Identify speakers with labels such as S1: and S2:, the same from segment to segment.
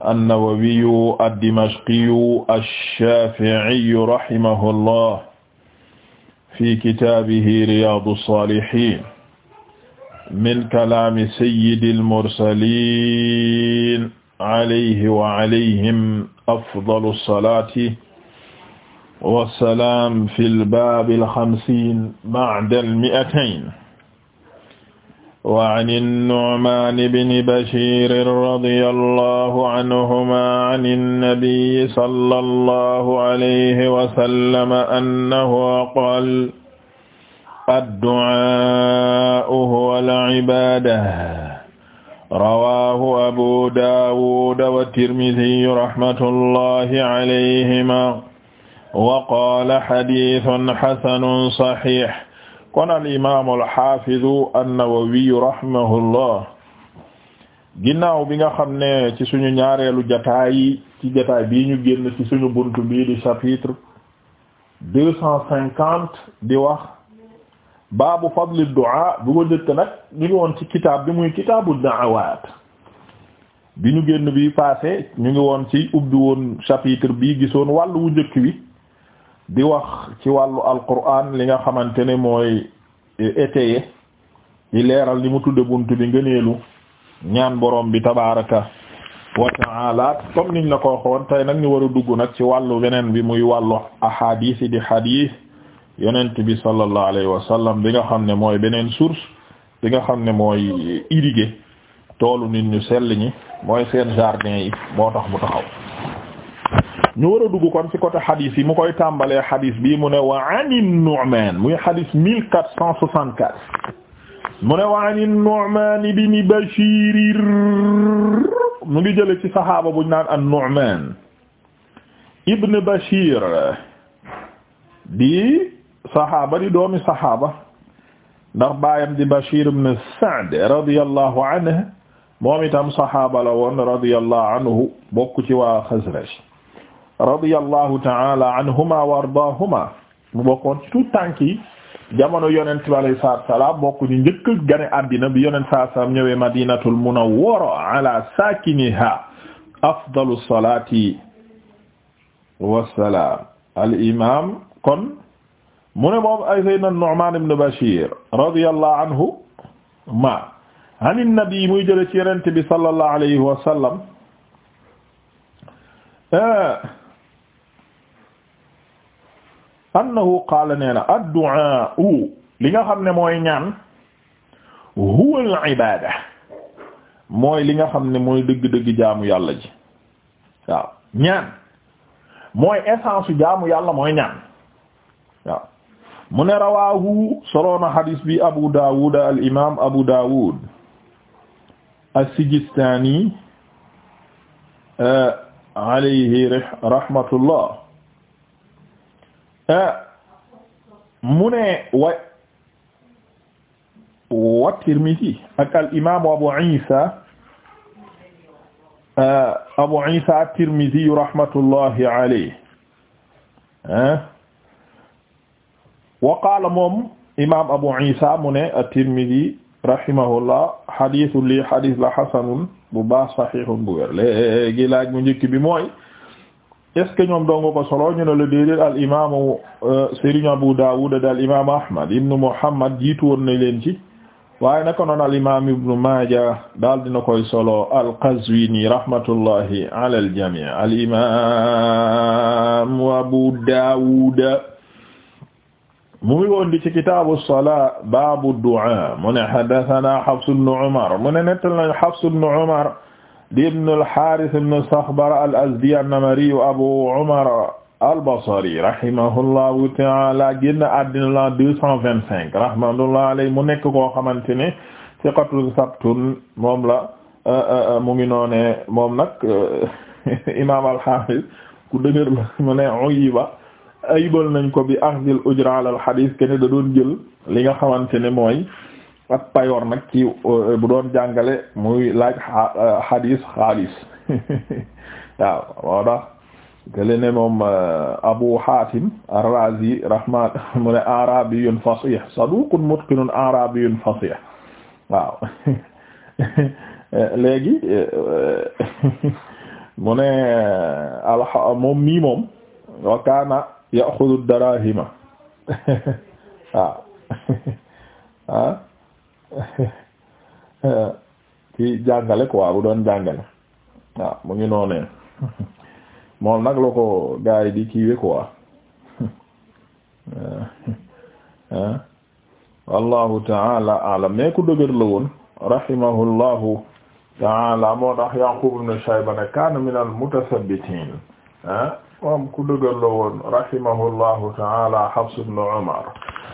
S1: annawawiyu addimashqiyu alshafiiyu rahimahu llah fi kitaabihi riyaadu saalihiin min kalaami sayyidi almursaliin alayhi wa alayhim afdalu salaati wa salaam fil baabil xamsiin ba'dal mi'atayn wa an an-Nu'man ibn Bashir radiyallahu anhuma an an-nabiy sallallahu alayhi wa sallam annahu qaala ad-du'aa'u huwa al-'ibaadah rawaahu Abu Daawud wa at-Tirmidhi rahmatullahi alayhima wa qaala hadiithun hasanun sahih kon al imaam al xaafidu an-Nawawi rahimahullah ginnaaw bi nga xam ne ci suñu ñaareelu jataay ci jataay bii ñu génn ci suñu bunt bi di chapitre deux di wax baabu fadli du'a bi ko njëkk nag ñu ngi woon ci kitaab bi muy kitaabu da'awaat bi ñu génn bi passé ñu ngi woon ci ubbi woon chapitre bii gisoon wàllu wu njëkk wi di wax ci wàllu alquran li nga xamante ne mooy étaye di leeral li mu tudde bunt bi ngëneelu ñaan borom bi tabaraka wa ta'ala comme niñ la ko waxoon tey nag ñu war a dugg nag ci wàllu beneen bi muy wàllu ahadis yi di hadis yonent bi sallallahu alayhi wa sallam bi nga xam ne mooy beneen source bi nga xam ne mooy irrigué toolu nit ñu sell ñi mooy seen jardin yi moo tax mu taxaw ñu war a dugg kon ci côté xadis yi mu koy tàmbalee xadis bii mu ne wa ani Nu'man muy xadis mille quatre cent soixante quatre mu ne wa ani Nu'man ibn Bashir mu ngi jële ci saxaaba buñ naan an-Nu'man ibn Bashir di saxaaba di doomi saxaaba ndax baayam di Bashir ibn Sa'd radiyallahu anhu moom itam saxaaba la woon radiyallahu anhu bokk ci waa radiyallahu ta'ala anhuma wa ardaahuma mu bokkoon ci tout tànk yi jamono yonent bi alayhi salaatu wa salaam bokk ñu njëkk gane àddina bi yonent saa salaam ñëwee madinatul munawwara ala saakiniha afdalu salaati wa salaam al imaam kon mu ne moom ay sayyidina Nu'maan ibn Bashiir radiyallahu anhu ma an nabi muy jële ci yonent bi sallallahu alayhi wa sallam eh, annahu qaala nee na addu'a li nga xam ne mooy ñaan huwa al ibada mooy li nga xam ne mooy dëgg-dëgg jaamu yàlla ji waaw ñaan mooy essence jaamu yàlla mooy ñaan waaw mu ne rawaahu soloona hadis bi abu daawud al imaam abu daawud as-sijistaani alayhi rahmatullah mu ne wa wa Tirmidhi ak al imaamu Abu Isa Abu Isa at-Tirmidhi rahmatullahi alayhi wa qaala moom imaam Abu Isa mu ne at-Tirmidhi rahimahullah hadith li hadith la hasanun bu baax sahihun bu wér léegi laaj mu njëkk bi mooy est-ce que ñoom dongo ko solo ñu ne la déedéet al imaamu euh, Serigne Abu Dawud al imaamu Ahmad ibnu Muhammad jiitu woon na leen ci waaye naka noonu al imaam ibnu Maaja daal dina koy solo al Qazwini rahmatullahi al jamii Abu Dawud mu ngi woon di ci kitaabu baabu du'aa mu ne haddasanaa Hafs ibnu Umar nettal na Hafs ibnu Umar di ibn al-Harith ibn Sakhbara al-Azdi an Abu Umar al-Basri rahimahullahu ta'ala génn àddina la 225 rahmatullahi alayhi mu nekk ko xamante ne thiqatun sabtun moom la euh, euh, euh, mu ngi noone moom nag imam al-Hafiz ku dëgër la mu ne uyiba ayibal nañ ko bi akhdil ujra ala al-hadith kenn da doon jël li nga xamante ne mooy ak payoor nag ci euh, bu doon jàngale muy laaj euh, xadiis xaalis waaw moo tax moom euh, Abu Hatim ar-Razi rahman mu ne fasih saduqun mutqinun arabiyun fasih waaw léegi mu ne moom mii moom wa kaana ya'khudhu ah ci jàngale quoi bu doon jàngale waaw mu ngi noonee moom nag la ko gaa yi di kiiwe quoi wallahu taala alam mais ku dëgër la woon rahimahullahu taala moo tax Yaqub ibn Shayba ne min al mutasabbitin ah, moom ku dëgër la woon rahimahullahu taala Hafs ibn Umar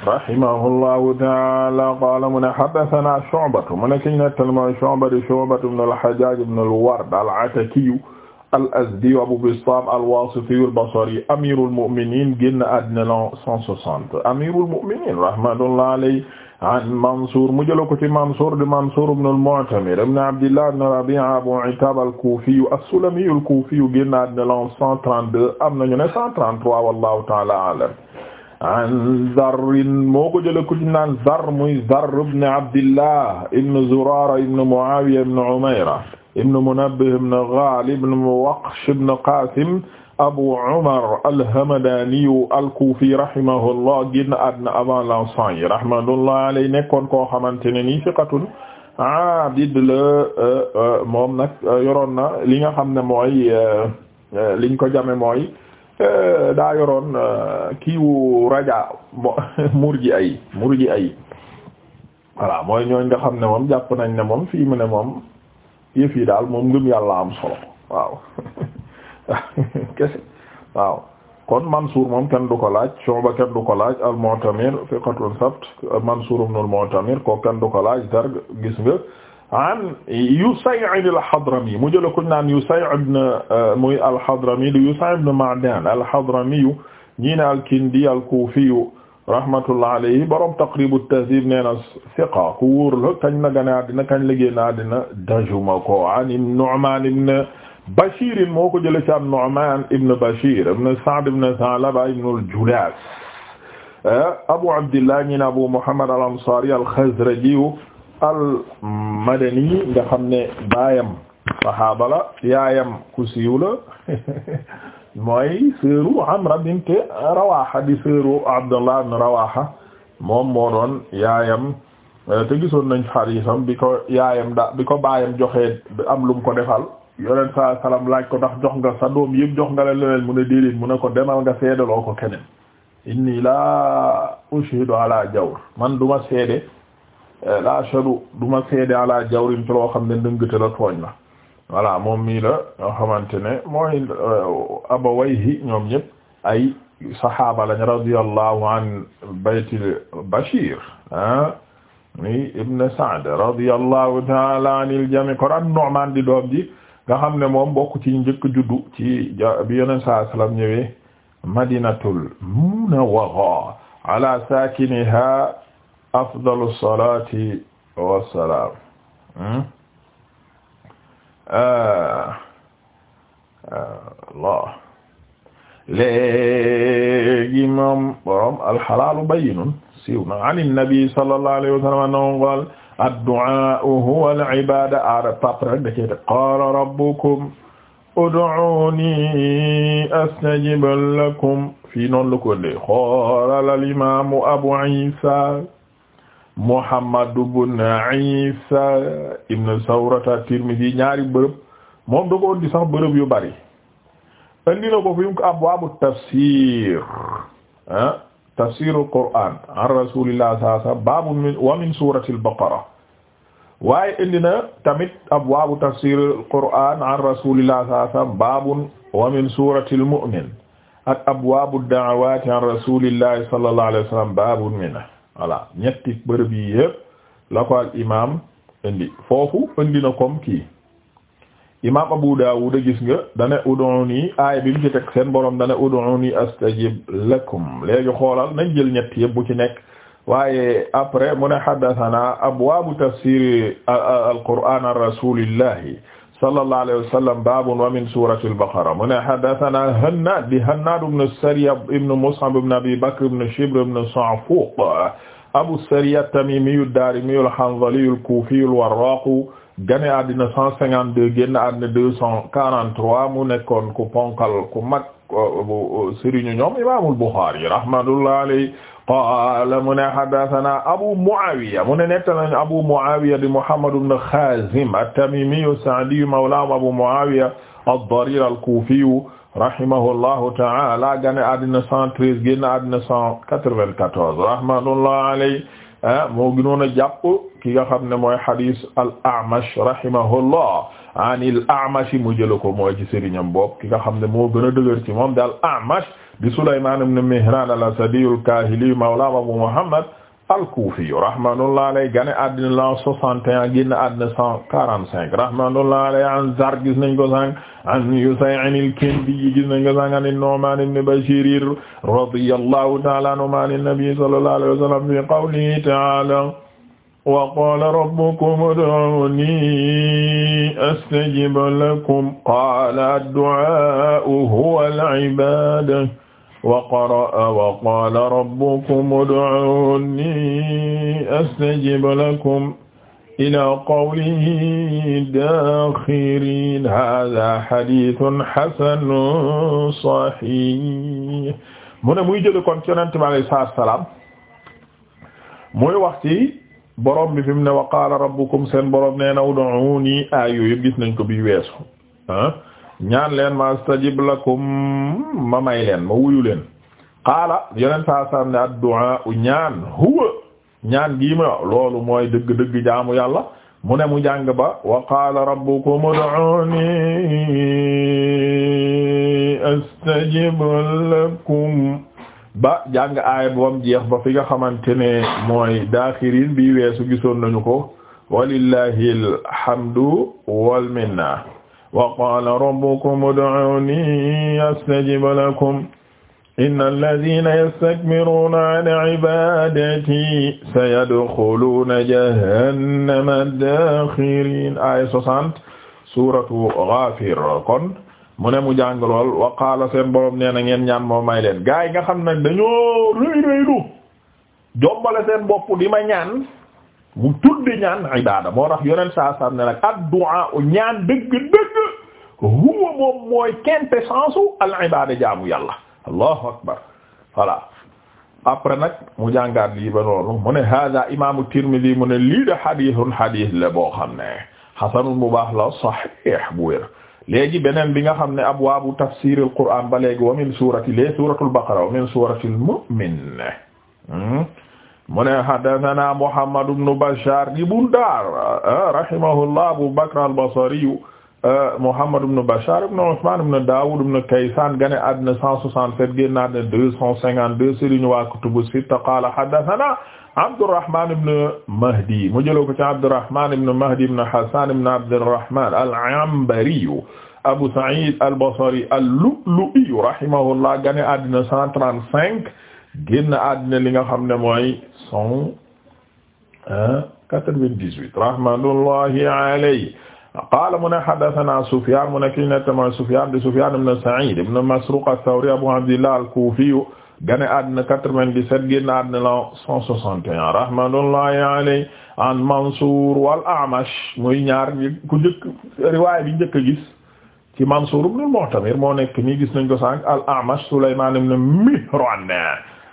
S1: rahimahullahu taala qaala mu ne haddathana Shu'batu mu ne ki ñu nettal mooy Shu'ba di Shu'batu ibn al-Hajjaj ibn al-Ward al-Atakiyu al-Azdiyu Abu Bistaam al-Waasitiyu al-Basriyu amirul mu'minin génn àddina la 160 amirul mu'minin rahmatullahi alayhi an Mansuur mu jëloon ko ci Mansuur di Mansuur ibn al-Mu'tamir ibn Abdillah ibn Rabi'a Abu Attaab al-Kuufiyu as-Sulamiyu al-Kuufiyu génn àddina la 132 am nañu ne 133 wallaahu ta'ala a'lam an Zarrin moo ko jëlee ku ci naan Zarr muy Zarr ibn Abdillah ibn Zurara ibn Muawiya ibn Umayra ibn Munabbih ibn Ghalib ibn Waqsh ibn Qasim Abu Umar al-Hamadani al-Kufi rahimahullah génn àddina avant l'an cent yi rahmatullahi alayhi nekkoon koo xamante ne nii siqatun abid la euh, euh, moom nag euh, yoroon na li nga xam ne mooy liñ ko jame mooy. Euh, daa yoroon euh, kiiwu raja murji ay murji ay voilà mooy ñooñ nga xam ne moom jàpp nañ ne moom fii mu ne moom yëf daal moom ngëm yàlla am solo waaw kese waaw kon Mansour moom kenn du ko laaj Shuba kenn ko laaj al-Mu'tamir fiqatun sabt Mansour ibn al ko kenn du ko laaj Zarg gis nga an Yusay' al-Hadrami mu jël ko naan Yusay' ibn euh, muy al-Hadrami di Yusay' ibn Ma'dan al-Hadrami ñi ne al-Kindi al-Kufi rahmatullah alayhi borom Taqrib at-Tahdhib nee na thiqa ku wóor la kañ la gane àddina kañ la génn àddina dajuma ko an Nu'man ibn Bashir moo ko jëlee ci Nu'man ibn Bashir ibn Sa'd ibn Tha'laba ibn al-Julas euh, Abu Abdillah ñi ne Abu Muhammad al-Ansari al-Khazraji al-Madani nga xam ne baayam saxaaba la yaayam ku siiw la mooy am Amra bint Rawaha di seeru Abdullah ibn Rawaha moom moo doon yaayam eh, te gisoon nañ xarisam bi ko yaayam da bi ko baayam joxee am lum ko defal yonent saa salaam laaj ko ndax jox nga sa doom yëpp jox nga la leneen mu ne déedéet mu ne ko demal nga seedaloo ko keneen inni laa ushidu ala jawr man duma seede Euh, la shadu du ma seede ala jawrin ci loo xam ne ndëngate la tooñ la voilà moom mii la ñoo xamante ne mooy euh, abawayhi ñoom ñëpp ay saxaaba lañ radiyallahu an baytil bashir ah ni ibn Sa'd radiyallahu ta'ala anil jami kon an Nu'man di doom ji nga xam ne moom bokk ci njëkk juddu ci bi yoneen saa sallam ñëwee madinatul munawwara ala sakiniha afdalu salaati wa salaam hmm? ah, ah, Allah léegi moom borom alxalaalu bayyinun siiw na an nabi sallallahu alayhi wa sallam annahu qaala addu'aa'u huwa al-ibaada aada pape rek da cee def qaala rabbukum ud'uuni astajib lakum fii noonu la ko dee qaala al-imaamu abu Iisaa Muhammad ibn Isa ibn Sawrata Tirmidhi ñaari bërëb moom da ko indi sax bërëb yu bari indi na ko fi mu ko abwaabu tafsir ah tafsiru Qur'an an Rasulillah sallallahu alayhi wasallam baabun min wa min suuratil Baqara waaye indi na tamit abwaabu tafsiril Qur'an an Rasulillah sallallahu alayhi wasallam baabun wa min suuratil mu'min ak abwaabu da'awaati an Rasulillah sallallahu alayhi wasallam baabun minhu voilà ñetti bërëb yi yëpp la ko indi foofu indi na comme kii imaam Abu Dawud gis nga dane ud'uni aaya bi mu ci teg seen borom dane ud'uni astajib lakum léegi xoolal nañ jël ñetti yëpp bu ci nekk waaye après mu ne haddathana abwaabu tafsir al-Qur'aan ar-rasulillahi sallallahu alayhi wa sallam babun wa min surati al-Baqara mu ne haddathana Hannad di Hannad ibn Sariya ibn Mus'ab ibn Abi Bakr ibn Shibr ibn Sa'fuq Abu Sariya at-Tamimi ad-Darimi al-Hanzali al-Kufi al-Warraq gane àddina 152 génn àddina 243 mu nekkoon ku ponkal ku mag bu sëriñu ñoom Imaamul Bukhari rahmatullahi alayhi qaala mu ne haddathana Abu Muawiya mu ne nettalañ Abu Muawiya di Muhammad ibn Khazim at-Tamimi as-Sa'di mawla Abu Muawiya ad-Darir al-Kufi rahimahullahu ta'ala gane àddina 113 génn àddina 194 rahmatullahi alayhi ah, moo gënoon a jàpp ki nga xam ne mooy hadith al-A'mash rahimahullah anil A'mash mu jëla ko mooy ci sëriñam bopp ki nga xam ne moo gën a dëgër ci moom daal A'mash di Sulaymaan ibn Mihraan al-Asadi al-Kaahili mawla Abu Muhammad al-Kufi rahmatullahi alayhi gane àddina la 61 génn àddina 145 rahmatullahi alayhi an Zarr gis nañ ko sànq an Yusay' al-Kindi gis nañ ko sànq an Nu'man ibn Bashir radiyallahu ta'ala anhu an nabi sallallahu alayhi wa sallam fi qawlihi ta'ala wa qaala rabbukum ud'uunii astajib lakum qaala addu'aa'u huwal ibaada wa qara'a wa qaala rabbukum ud'uunii astajib lakum ilaa qawlihi daakhiriin haazaa hadiisun hasanun sahiih mu ne muy jël kon ci Yonent bi alayhi salaatu wa salaam muy wax ci borom bi fi mu ne wa qaala rabbukum seen borom nee na ud'uuni aay yooyu gis nañ ko bi weesu ah ñaan leen ma astajib lakum ma may leen ma wuyu leen qaala yeneen saa saa ne ad-du'a ñaan huwa ñaan gii ma loolu mooy dëgg-dëgg jaamu yàlla mu ne mu jàng ba wa qaala rabbukum ud'uuni astajib lakum ba jàng aaya ba mu jeex ba fi nga xamante ne mooy daaxirin bi weesu gisoon nañu ko walillahi alhamdu wal minna wa qala rabbukum ud'uni astajib lakum inna alladhina yastakbiruna an ibadati sayadkhuluna jahannama dakhirin aaya soixante suratu ghafir kon mu ne mu jàng lool wa qaala seen borom nee na ngeen ñaan moo may leen gaa yi nga xam nag dañoo rëy rëylu jombale seen bopp di ma ñaan mu tuddi ñaan ibaada moo tax yonent saa saa ne nag addu'a ñaan dëgg dëgg huwa moom mooy quintessence al ibaada jaamu yàlla allahu akbar voilà après nag mu jàngaat lii ba noonu mu ne hada imaamu Tirmidhi mu ne lii de xadiisun xadiis la boo xam ne xasanun bu baax la saxiix bu wér léegi beneen bi nga xam ne abwaabu tafsiril qur'an ba léegi wa min surati lee suratul baqara wa min suratil mu'min hmm? mu ne hadathana muhammad ibn bashar di bundar ah, rahimahullah abu bakr al-basri ah, muhammad ibn bashar ibn usman ibn dawud ibn kaysan gane àddina 167 génn àddina 252 sëriñ waa kutubu sitta qala hadathana Abdurrahman ibn Mahdi mu jëloo ko ci Abdurrahman ibn Mahdi ibn Hasan ibn Abdurrahman al-Anbari Abu Sa'id al-Basri al-Lu'lu'i rahimahullah gane àddina 135 génn àddina li nga xam ne mooy 198 rahmatullahi alayhi qaala mu ne haddasanaa Sufyaan mu ne kii ne tamit Sufyaan di Sufyaan ibn Sa'iid ibn Masruuq ath-Thawri Abu Abdillah al-Kuufi gane àddina 97 génn àddina la 161 rahmatullahi alayhi an Mansour wal A'mash muy ñaar ku njëkk riwaay bi njëkk a gis ci Mansour ibn Mu'tamir moo nekk nii gis nañ ko sànq al A'mash Sulaymaan ibn Mihraan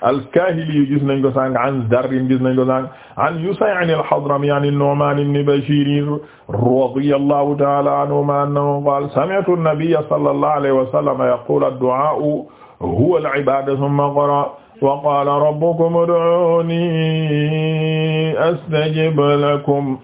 S1: al-Kaahili gis nañ ko sànq an Zarr gis nañ ko sànq an Yusay' al-Hadrami an an-Nu'maan ibn Bashiir radiyallahu ta'ala anhumaa annahu qaala sami'tu an-nabiyya sallallahu alayhi wa sallam yaquulu ad-du'aa'u huwa al-ibaadu thumma qara'a wa qaala rabbukum ud'uuni astajib lakum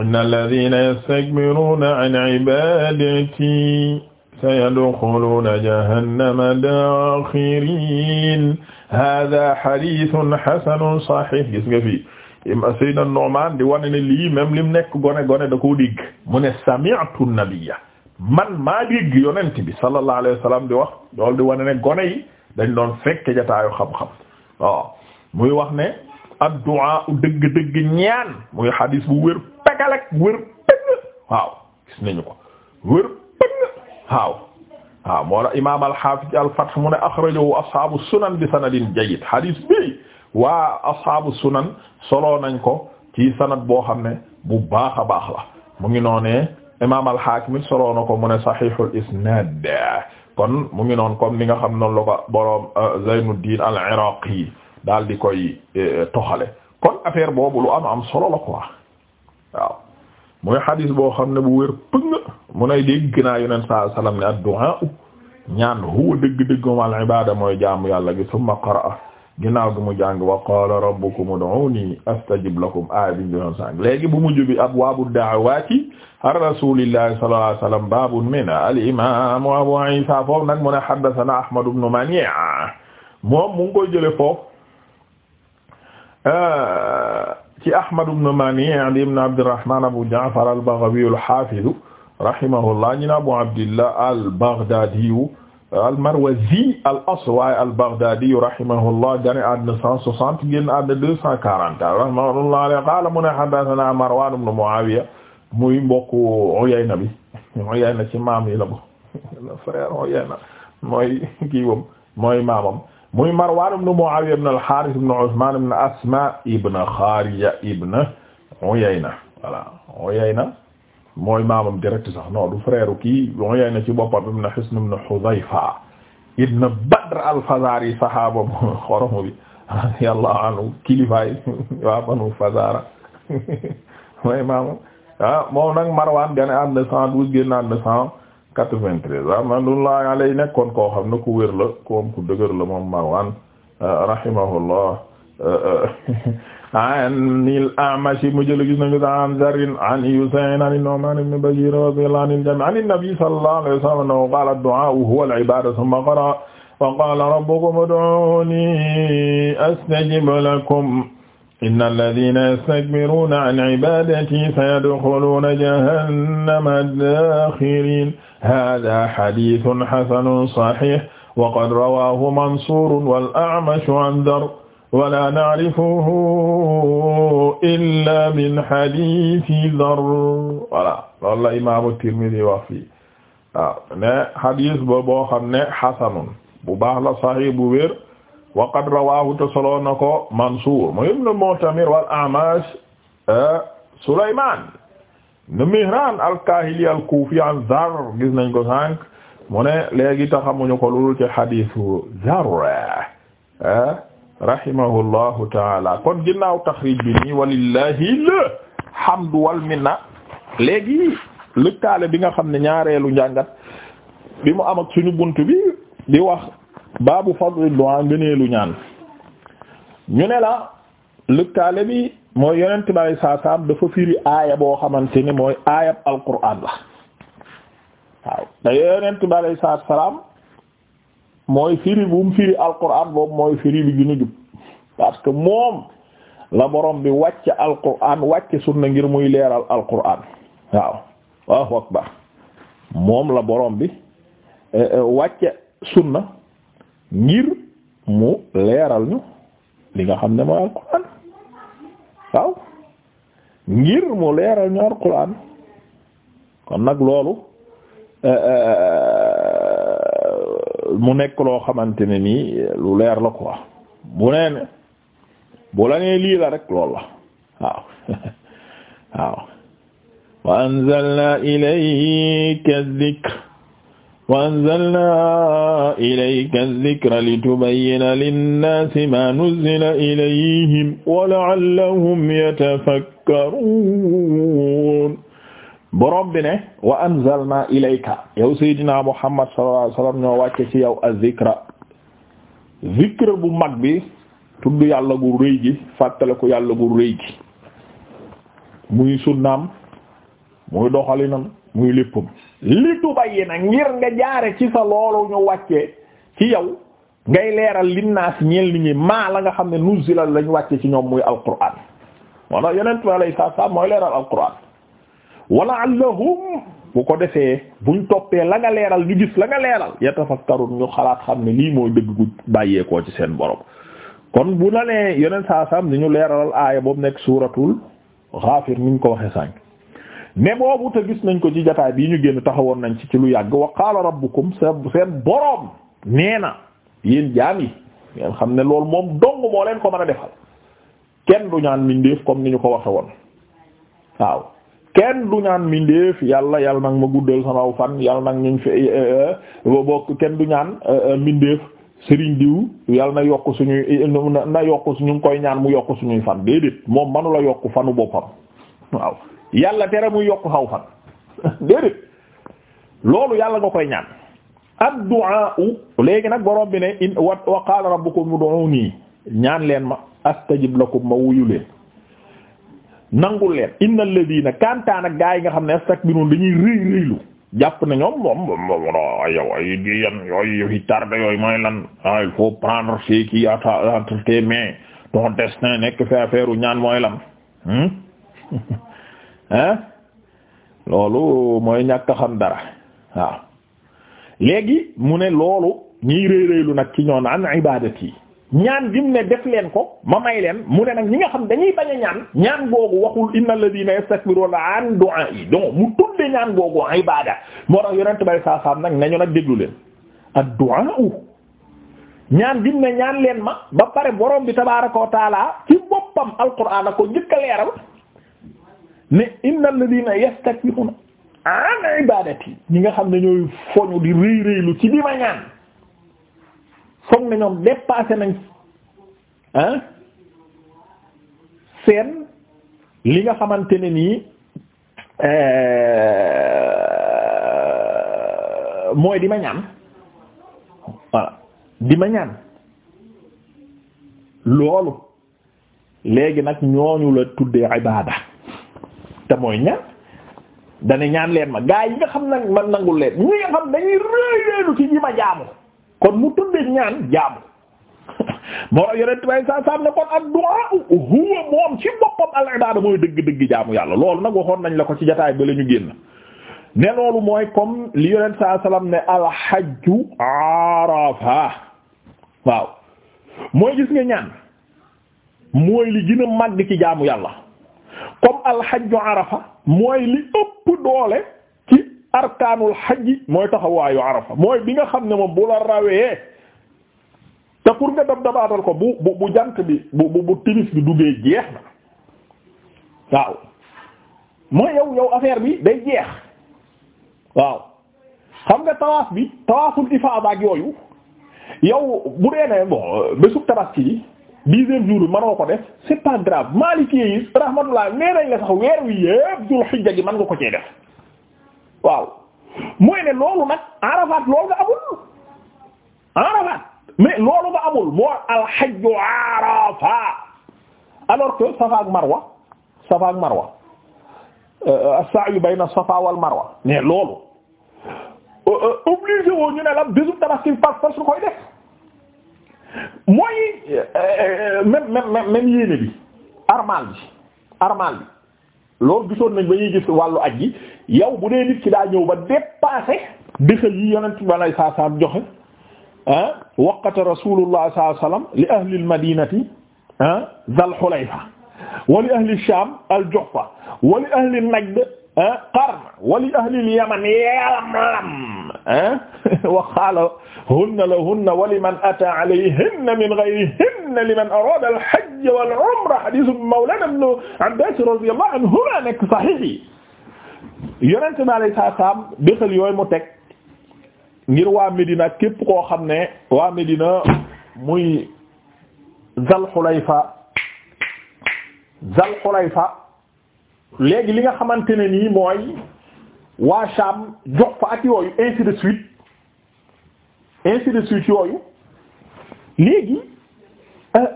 S1: inna alladhiina yastakbiruuna an ibaadatii sayadkhuluuna jahannama daakhiriin haaza hadiithun hasanun sahiih gis nga fi Seydina Nu'maan di wane ne lii même lim nekk gone gone da koo dégg mu ne sami'tu nabiyya man maa dégg yonent bi sallallahu alayhi wa di wax dool di wane ne gone yi dañ doon fekke jataayu xam-xam waaw muy wax ne addu'a dëgg-dëgg ñaan muy xadis bu wër pegalek wér pëgg waaw gis nañu ko wér pëgg waaw waaw moo la imam al-Hafiz mu ne akhrajahu ashabu sunan bi sanadin jayyid xadis bi waa ashabu sunan solo nañ ko ci sanad boo xam ne bu baax a baax la mu ngi noonee imaam al-Hakim soloo na ko mu ne sahihul isnad kon mu ngi noon comme ni nga xam noonu la ko boroom euh, Zaynuddin al-Iraqi daal di koy euh, toxale kon affaire boobu lu am am solo la quoi waaw muy hadis boo xam ne bu wér pëng mu nay dégg naa yonent sallallahu alayhi wasallam ne ad-du'a ñaan huwa dëgg-dëgg wal ibada mooy jaamu yàlla gi summa qara'a ginnaaw gi mu jàng wa qaala rabbukum ud'uuni astajib lakum aaya bi ñu doon sàng léegi bu mujj bi abwaabu da'awaati ar rasuulillahi sallallahu alayhi wa sallam baabun min al imaam abu iisa foofu nag mu ne haddasanaa ahmad ibn manii' moom mu ngi koy jële foofu eh, ci ahmad ibn manii' di ibn abdirrahmaan abu ja'far al-baghawi al-haafiz rahimahullah ñi abu abdillah al-baghdaadi al-Marwazi al-Aswa'i al-Baghdadi rahimahullah gane àddina cent soixante génn àddina deux cent quarante rahimahullah alayhi qaala mu ne haddathana Marwan ibn Muawiya muy mbokku Uyayna bi Uyayna ci maam yi la bo frère Uyayna mooy kii wam mooy maamam muy Marwan ibn Muawiya ibn al-Harith ibn Uthman ibn Asma ibn Khariya ibn Uyayna voilà Uyayna mooy maamam direct sax non du frère kii yoy na ci boppam ibn Hisn ibn Hudhayfa ibn Badr al-Fazari sahaaba mu xoromu bi radiyallahu anhu kilifaay waa banu Fazara mooy maamam ah, moom nag Marwan gane am deux cent douze génn am deux cent quatre-vingt-treize nekkoon koo xam ne ku wér la koom ku dëgër la moom Marwan rahimahullah anil A'mash mu jël gis nañu ko an Zarr an Husayn an Nu'man ibn Bashir radiyallahu anil jami' an nabi sallallahu alayhi wa sallam annahu qala ad-du'a huwa al-ibada thumma qara'a wa qala rabbukum ud'uni astajib lakum inna alladhina yastakbiruna an ibadati sayadkhuluna jahannama dakhirin hadha hadithun hasanun sahih wa qad rawahu Mansur wal A'mash an Zarr wala na'rifuhu illa min hadithi Dharr voilà loolu la imaamu Tirmidhi wax fii waaw ne hadith ba boo xam ne hasanun bu baax la sahih bu wér wa qad rawaahu te solo na ko Mansuur mu ibn Mu'tamir wal A'mash eh, Sulaymaan ne Mihraan al-Kaahili al-Kuufi an Dharr gis nañ ko sànq mu ne léegi taxamuñu ko loolu ci hadithu Dharr eh. rahimahullahu taala kon ginnaaw taxrij bi nii walillahi alhamdu wal minna léegi lëkkaale bi nga xam ne ñaareelu njàngat bi mu am suñu bunt bi di wax baabu fadli lu ngëneelu ñaan ñu ne la lëkkaale bi mooy yonent bi saa saam dafa firi aaya boo xamante ne mooy aayab alquraan la waaw te yonent bi saa salaam mooy firi bu mu firi alquran boobu mooy firi bi gën a jub parce que moom la borom bi wàcc alquran wàcc sunna ngir muy leeral alquran moom la borom bi eh, eh, wàcc sunna ngir mu leeral ñu li nga xam ne waaw ngir mu leeral ñu alquran kon nag loolu eh, mu nekk loo xamante ne nii lu leer la quoi bu nee ne bu la nee lii la rek lool la waaw waaw wa anzalna ilayka dhikra wa anzalna ilayka dhikra litubayyina lin-naasi maa nuzzila ilayhim wa la'allahum yatafakkaruun boroom bi ne wa anzalna ilayka yow seydina muhammad sallallahu alayhi ñoo wàcce ci yow az-zikra zikra bu mag bi tudd yàlla gu rëy gi ko yàlla gu rëy gi muy sunnaam muy doxalinam muy léppam li tubayyina ngir nga jaare ci sa loolu ñu wàcce ci yow ngay leeral linnaas ñeel nit ñi maa la nga xam ne nuzila lañ wàcce ci ñoom muy alquran walla yonent bi alayhi salaam mooy leeral alquran wala allahum bu ko defee buñ toppee la nga leeral ñu gis la nga leeral yatafakkarun ñu xalaat xam ne lii mooy dëgg gu bàyyeekoo ci seen borom kon bu la nee yeneen saa sam ni ñu leeralal aaya boobu nekk suuratul Ghafir ñu ko waxee sànq ne boobu te gis nañ ko ci jotaay bii ñu génn taxawoon nañ ci ci lu yàgg wa qaala rabbukum seen boroom nee na yéen jaam yi ngeen xam ne lool moom dong moo leen ko mën a defal kenn du ñaan mindeef comme ni ñu ko waxe woon kenn du ñaan mindeef yàlla yàlla nag ma guddal sama fan yàlla nag ñu fi eh, eh, eh, bokk kenn du ñaan mindeef sëriñ diw yàlla na yokk suñuy na yokk suñu ngi koy ñaan mu yokk suñuy fan déedéet moom manu yokk fanu boppam waaw yàlla tere muy yokk xaw fan déedéet loolu yàlla nga koy ñaan addu'a léegi nag boroom bi ne in wa qaala rabbukum ud'uuni ñaan leen ma astajib lakum ma wuyu leen nangul leen innal ladina kantaan ak gaa yi nga xam ne astakbirun dañuy rëy rëylu jàpp na ñoom moom ay yow ay di yan yooyu yofi tarde yooyu mooy lan ah il faut prendre ce qui est entre tes mains ton destin nekk fi affaire u ñaan mooy lan hmm? hein loolu mooy ñàkk xam dara waaw léegi mu ne loolu ñiy réy réylu nag ci ñoon an ibadati ñaan gim ne def leen ko ma may leen mu ne nag ñi nga xam dañuy bañ ñaan ñaan googu waxul innal ladina yastakbiruna an du'a yi donc mu tudde ñaan googu ibada moo tax yonent bay saa saam nag nañu nag déglu leen ad du'a ñaan gim ne ñaan leen ma ba pare borom bi tabaaraka wa taala ci boppam alquraan a ko njëkk a leeral ne innal ladina yastakbiruna an ibadati ñi nga xam ne ñooy foñu di rëy rëylu ci bi ma ñaan foog ne ñoom dépassé nañ ah seen li nga xamante ne nii euh, mooy di ma ñaan di ma ñaan loolu léegi nag ñooñu la tuddee ibaada te mooy ñaan dana ñaan leen ma gaa yi nga xam nag man nangul leen ñi nga xam dañuy rëy leenu ci ñi ma jaamu kon mu tuddee ñaan jaamu moo yonent bay sa sam ne kon ad-du'a huwa moom ci boppam al mooy dëgg-dëgg jaamu yàlla loolu nag waxoon nañ la ko ci jotaay ba la ñu génn ne loolu mooy comme li yonent saa sallam ne al-hajju waaw mooy gis nga ñaan mooy li gën a màgg ci jaamu yàlla comme alxajju arafa mooy li ëpp doole ci arkaanul xajji mooy taxawaayu arafa mooy bi nga xam ne moom bu la rawee te pour nga dab dabaatal ko bu bu bu jant bi bu bu timis bi duggee jeex na waaw mooy yow yow affaire bi day jeex waaw xam nga tawaaf bi tawaaful ifaada ak yooyu yow bu dee ne bon bésu tabaski yi dixième jour bi mënoo ko def c'est pas grave maliki yi rahmatullah nee la sax weer wi yépp dul xijja gi mën nga ko cee def waaw mooy ne loolu nag arafaat loolu nga amul arafaat mais loolu ba amul moo alxajju arafa alors que safa marwa safa ak marwa euh, as-sa'yu bayna safa wal marwa mais loolu euh, euh, obligé woo ñu ne la bésu tabaski par force koy def mooy même même même yéene bi armal bi armal bi loolu gisoon nañ ba ñuy gis wàllu aj yi yow bu dee nit ki daa ñëw ba dépassé bésal yi yonent bi alayhi salaam joxe ah waqata rasulullah sallallahu alayhi wa sallam li ahli al-madinati ah Zal Hulayfa wa li ahli Sham al-Juhfa wa li ahli Najd ah Qarn wa li ahli al-Yaman Yalamlam ah wa qaala hunna lahunna wa liman ataa alayhinna min ghayrihinna liman araada al-hajja wal-umra hadiisu mawlaana ibn Abbaas radiyallahu anhumaa nekk saxiix yi yonent bi alayhi salaam dëxal yooyu mu teg. ngir waa Medina képp koo xam ne waa Medina muy Zal fa Zal fa léegi li nga xamante ne nii mooy waa Sham jox fa ak yooyu ainsi de yooyu léegi euh,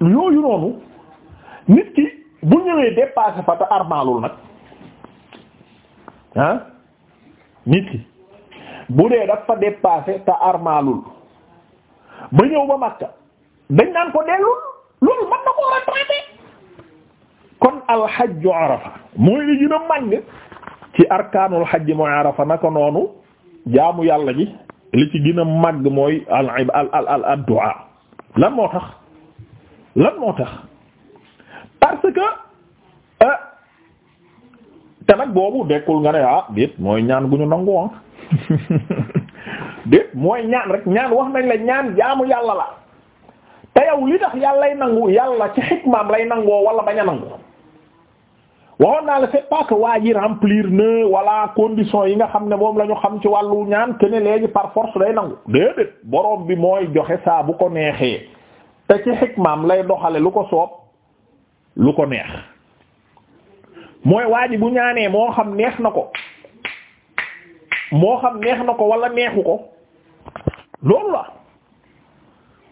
S1: yooyu noonu nit ki bu ñëwee dépassé fa te armaalul nag ah. nit ki bu dee dafa dépassé te armaalul ba ñëw ba Makka dañ naan ko dellul loolu mën na ko retraité kon alxajju arafa mooy li gën a ci arkaanul xajj mooy arafa naka noonu jaamu yàlla ji li ci gina a màgg mooy al al al al addu'a lan moo tax lan moo tax parce que euh, te nag boobu dekkul nga ne ah déet mooy ñaan gu ñu nangu ah déet mooy ñaan rek ñaan wax nañ la ñaan jaamu yàlla la te yow li tax yàlla lay nangu yàlla ci xikmaam lay nangoo wala bañ a nangu waxoon naa la c'est pas waa ji remplir na wala condition yi nga xam ne moom lañu xam ci wàllu ñaan que ne léegi par force day nangu déedéet borom bi mooy joxe saa bu ko neexee te ci xikmaam lay doxale lu ko soob lu ko neex. mooy waa ji bu ñaanee moo xam neex na ko moo xam neex na ko wala neexu ko loolu la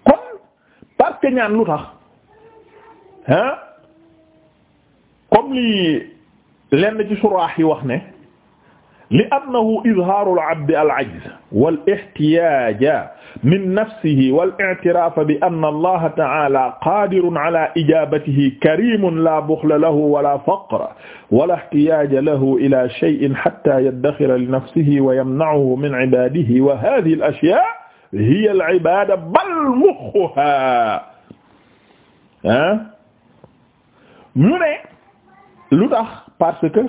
S1: kon parce que ñaan lu tax hein comme li lenn ci suraax yi wax ne li annahu izhaarul abdi al ajz wal ihtiyaaj min nafsihi wal i'tiraaf bi anna allaha ta'ala qaadirun ala ijaabatihi kariimun laa buxla lahu wala faqra wala ihtiyaaja lahu ila shay'in hatta yaddaxira li nafsihi wa yamna'uhu min ibaadihi wa haadihi al ashyaa' hiya al ibaada bal muxxuhaa ah mu ne lu tax parce que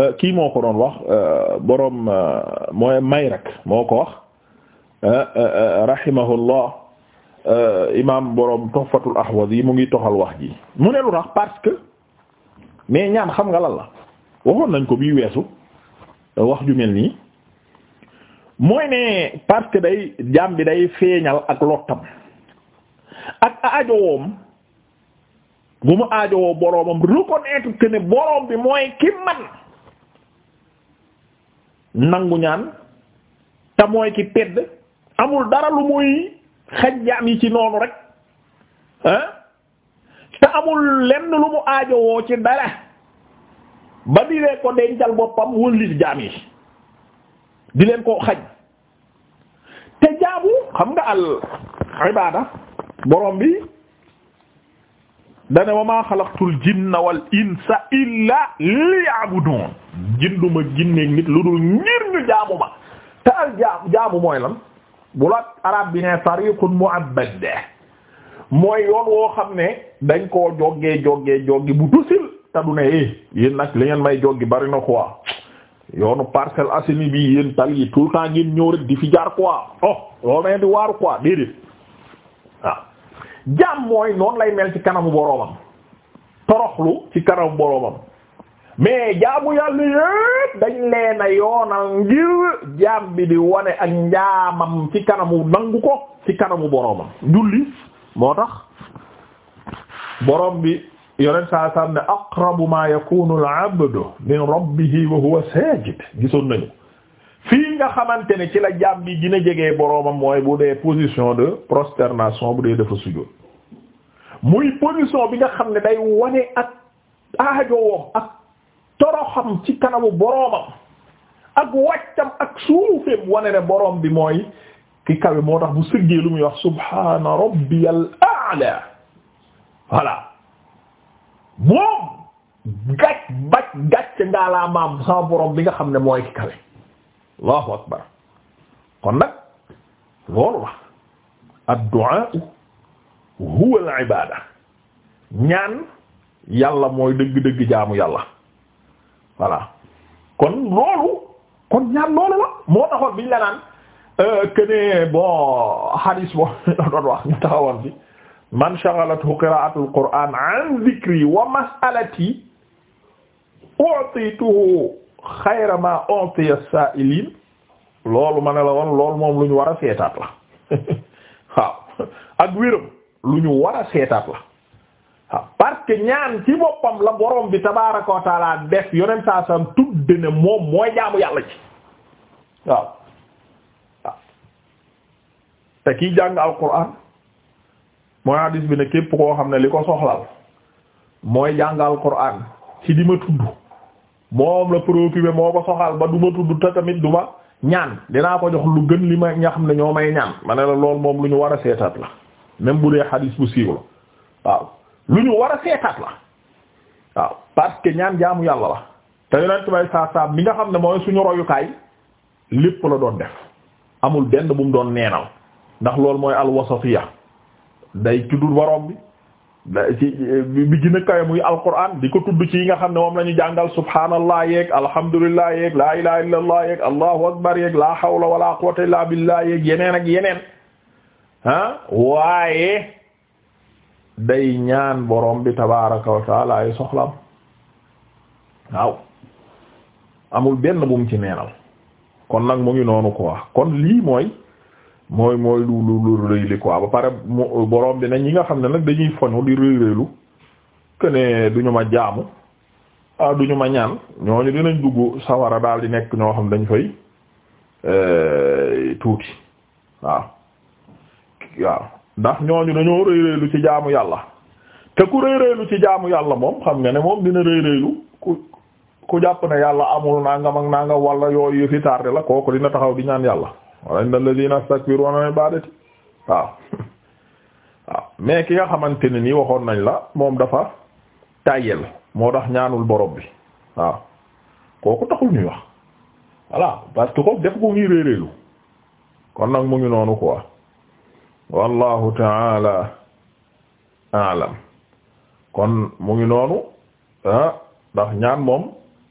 S1: euh, kii moo ko doon wax euh, boroom euh, mooy Mayrek moo ko wax. Eh, eh, eh, rahimahullah imam borom tuhfatul ahwazi mu ngi toxal wax ji mu ne lu tax parce que mais ñaan xam nga la la waxoon nañ ko bii weesu wax ju mel nii mooy ne parce que day jaam bi day feeñal ak lottam ak aajowoom bu mu aajowoo boroomam reconnaître que ne boroom bi mooy ki man nangu ñaan te mooy ki pedd amul dara lu muy xaj jaam yi ci noonu rek ah te amul lenn lu mu aajowoo ci dara ba di leen ko dencal boppam wëllit jaam yi di leen ko xaj te jaamu xam nga al ibaada borom bi dana wa maa xalaqtul jinna wal insa illa liya'budun jinduma ginneeg nit lu dul ngir ñu jaamu ma te al jaamu jaamu mooy lan bu la arab bi ne tariqun mu'abbad mooy yoon woo xam ne dañ koo joggee joggee joggi bu tusil te ne eh yéen nag li ngeen may joggi bari na quoi yoonu Parcelles Assainies bi yéen tal yi tout le temps ngeen ñëw rek di fi jaar quoi oh loolu na di waaru quoi déedéet waaw jaam mooy noonu lay mel ci kanamu boroomam toroxlu ci kanamu boroomam mais jaamu yàlla yépp dañ leen a yoonal ngir jaam bi di wane ak njaamam ci kanamu nangu ko ci kanamu boroomam julli moo tax boroom bi yore saa saam ne aqrabu ma yakunu al-abdu min rabbihi wa huwa sajid gisoon nañu fii nga xamante ne ci la jaam bi dina jege boroomam mooy bu dee position de prosternation bu dee dafa sujjóot muy position bi nga xam ne day wane ak aajo ak toroxam ci kanamu boroomam ak wàccam ak suufeem wane ne boroom bi mooy ki kawe moo tax bu sëggee lu muy wax subhaana rabbiyal a'la voilà moom gàc bac gàcc ngaa laa maam sama boroom bi nga xam ne mooy ki kawe allahu akbar kon nag loolu la ad huwa al-ibada ñaan yàlla mooy dëgg-dëgg jaamu yàlla voilà kon loolu kon ñaan loolu la moo taxoon biñ la naan euh, que bon hadis boo doon taxawoon bi man shaghalathu qira'atul qur'an an dhikri wa mas'alati u'tituhu xayra ma u'tiya as loolu ma ne la woon loolu moom lu ñu war a seetaat la waaw ak wéram lu ñu war seetaat la parce que ñaan ci boppam la borom bi tabaaraka wa taala def yonent saa sam tudde ne moom mooy jaamu yàlla ci waaw waaw te kiy jàng alquran mooy hadis bi ne képp koo xam ne li ko soxlal mooy jàng alquran ci di ma tudd moom la préoccupé moo ko soxal ba du ma tudd te tamit du ñaan dinaa ko jox lu gën li ma nga xam ne ñoo may ñaan ma ne la lool moom lu ñu war a seetaat la même bu dee hadis bu siiw la waaw lu ñu war a seetaat la waaw parce que ñaan jaamu yàlla la te yonent bay saa saa bi nga xam ne mooy suñu royukaay lépp la doon def amul benn bu mu doon neenal ndax loolu mooy alwasatiya day tudd borom bi da ci bi gën a kawe muy alquran di ko tudd ci yi nga xam ne moom la ñu jàngal subhaanallah yeeg alhamdulillah yeeg laa ilaha illa allah yeeg allahu akbar yeeg laa hawla wala quwwata illa billah yeeg yeneen ak yeneen ah waaye day ñaan boroom bi tabaraka wa taala ay soxlam waaw amul benn bu mu ci neenal kon nag mu ngi noonu quoi kon lii mooy mooy mooy lu lu lu rëy li quoi ba pare borom bi nag ñi nga xam ne nag dañuy foñu di rëy rëylu ne duñu ma jaamu ah duñu ma ñaan ñooñu dinañ dugg sawara daal di nekk ñoo xam ne dañ fay eh, tuuti waaw waaw ndax ñooñu dañoo rëy ci jaamu yàlla te ku rëy rëylu ci jaamu yàlla moom xam nga ne moom dina rëy ku ku jàpp ne yàlla amul nangam ak nangam walla yooyu yu fi tardé la kooku dina taxaw di ñaan yàlla wala inna alladhina istakbiruna an ibadati waaw waaw mais ki nga xamante ne nii waxoon nañ la moom dafa tàyyel moo tax ñaanul boroom bi waaw kooku taxul ñuy wax voilà parce que kooku def ko ngi rëy kon nag mu ngi noonu quoi. wallahu taala alam kon mu ngi noonu ah ndax ñaan moom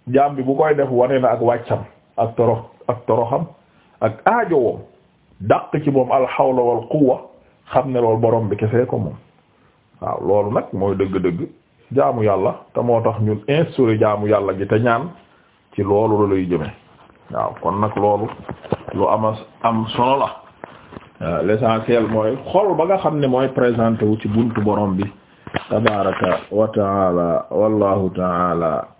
S1: jaam bi bu koy def wane na ak wàccam ak torox ak toroxam ak aajowoom dàq ci moom alxawla wal quwwa xam ne lool boroom bi kefee ko moom waaw loolu nag mooy dëgg-dëgg jaamu yàlla te moo tax ñun instauré jaamu yàlla gi te ñaan ci loolu la lay jëme waaw kon nag loolu lu ama am solo la Euh, l'essentiel mooy xol ba nga xam ne mooy présenté wu ci buntu borom bi tabaraka wa taala wallahu taala